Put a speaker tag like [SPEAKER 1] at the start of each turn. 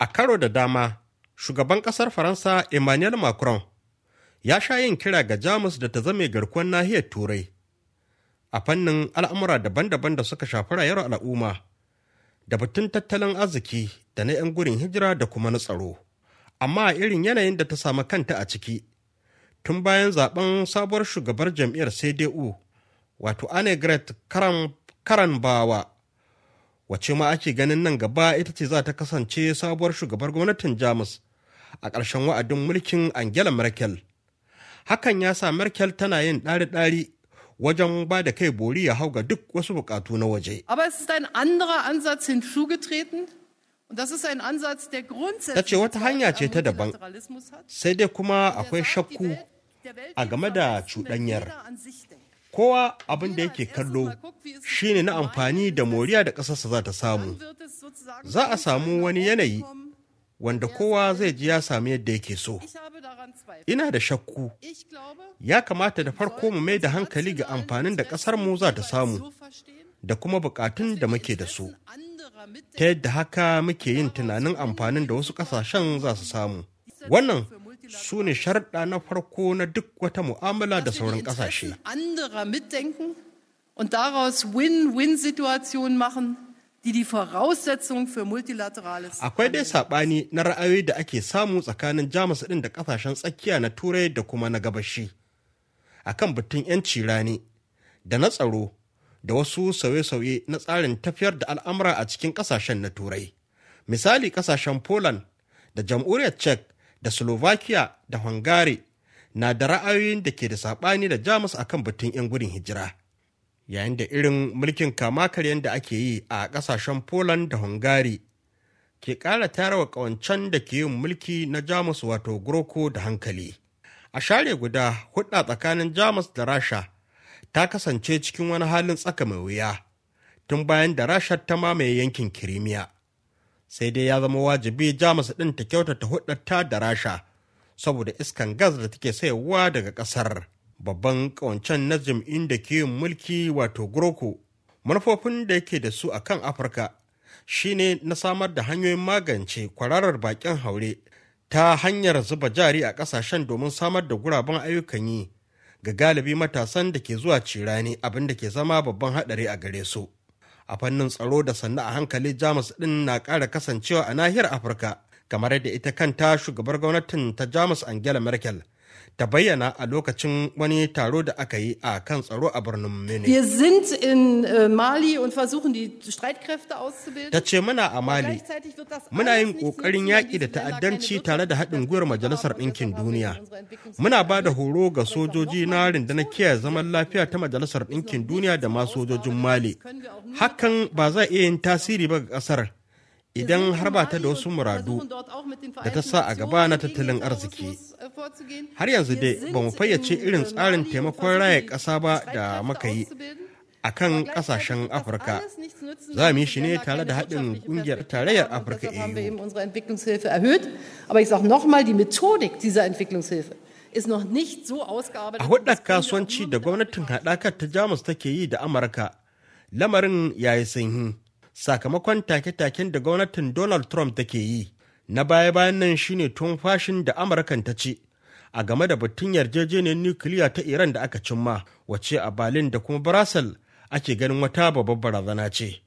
[SPEAKER 1] A karo da dama, shugaban ƙasar Faransa Emmanuel Macron ya sha yin kira ga Jamus da ta zame garkuwar nahiyar Turai. A fannin al'amura daban-daban da suka shafi rayuwar al'umma, da batun tattalin arziki da na 'yan gurin hijira da kuma na tsaro. Amma irin yanayin da ta samu kanta a ciki, tun bayan zaben sabuwar shugabar jam'iyyar CDU, wato Annegret Karan, bawa. wacce ma ake ganin nan gaba ita ce za ta kasance sabuwar shugabar gwamnatin jamus a ƙarshen wa'adin mulkin angela merkel hakan ya sa merkel tana yin ɗari-ɗari wajen ba da kai bori ya hau ga duk wasu bukatu na waje.
[SPEAKER 2] Ta ce wata hanya ce ta daban, sai
[SPEAKER 1] dai kuma akwai shakku a game da cuɗanyar. Kowa abin da yake kallo shine na amfani da moriya da ƙasarsa za ta samu za a samu wani yanayi wanda kowa zai ji ya sami yadda yake so ina da shakku ya kamata da farko mu mai da hankali ga amfanin da ƙasarmu za ta samu da kuma buƙatun da muke da su ta yadda haka muke yin tunanin amfanin da wasu ƙasashen za su samu wannan su ne sharɗa na farko na duk wata mu'amala da sauran ƙasashe.
[SPEAKER 2] und daraus Win-Win-Situationen machen, die die Voraussetzung für multilaterales.
[SPEAKER 1] Akwai dai saɓani na ra'ayoyi da ake samu tsakanin Jamus din da ƙasashen tsakiya na Turai da kuma na gabashi. Akan batun 'yanci rani da na tsaro da wasu sauye-sauye na tsarin tafiyar da al'amura a cikin ƙasashen na Turai. Misali ƙasashen Poland da Jamhuriyar Czech da Slovakia da Hungary na da ra'ayoyin da ke da saɓani da Jamus akan batun 'yan gudun hijira. yayin da irin mulkin kama karyan da ake yi a ƙasashen poland da hungary ke ƙara tarawa ƙawancen da ke yin mulki na jamus wato groko da hankali a share guda hudda tsakanin jamus da rasha ta kasance cikin wani halin tsaka mai wuya tun bayan da rasha ta mamaye yankin kirimiya sai dai ya zama wajibi jamus ɗin ta kyautata ta da rasha saboda iskan gas da take sayarwa daga ƙasar. babban ƙawancen na jam'in da ke mulki wato groko manufofin da yake da su a kan afirka shine na samar da hanyoyin magance kwararar bakin haure ta hanyar zuba jari a ƙasashen domin samar da guraben ayyukan yi ga galibi matasan da ke zuwa cirani abin da ke zama babban hadari a gare su a fannin tsaro da sannu a hankali jamus ɗin na ƙara kasancewa a nahiyar afirka kamar yadda ita kanta shugabar gwamnatin ta jamus angela merkel ta bayyana a lokacin wani taro da aka yi a kan tsaro a birnin Munich.
[SPEAKER 2] in äh, Mali und versuchen die Streitkräfte auszubilden. Ta
[SPEAKER 1] ce muna a Mali. Muna yin kokarin yaƙi da ta'addanci tare da haɗin gwiwar Majalisar Ɗinkin Duniya. Muna ba da horo ga sojoji na rindana kiyaye zaman lafiya ta Majalisar Ɗinkin Duniya da ma sojojin Mali. Hakan ba za iya yin tasiri ba ga ƙasar idan har ba ta da wasu muradu da ta sa a gaba na tattalin arziki. Har yanzu dai ba mu fayyace irin tsarin taimakon raya ƙasa ba da muka yi a kan ƙasashen Afirka.
[SPEAKER 2] Za mu yi shi ne tare da
[SPEAKER 1] haɗin ƙungiyar tarayyar Afirka EU.
[SPEAKER 2] E a
[SPEAKER 1] hudar kasuwanci da gwamnatin haɗakar ta Jamus take yi da Amurka, lamarin ya yi sanyi. Sakamakon take-taken da gwamnatin Donald Trump take yi, na baya-bayan nan shine tun fashin da Amurkan ta ce, a game da batun yarjejeniyar nukiliya ta Iran da aka cimma wace a Berlin da kuma Brussels ake ganin wata babbar barazana ce.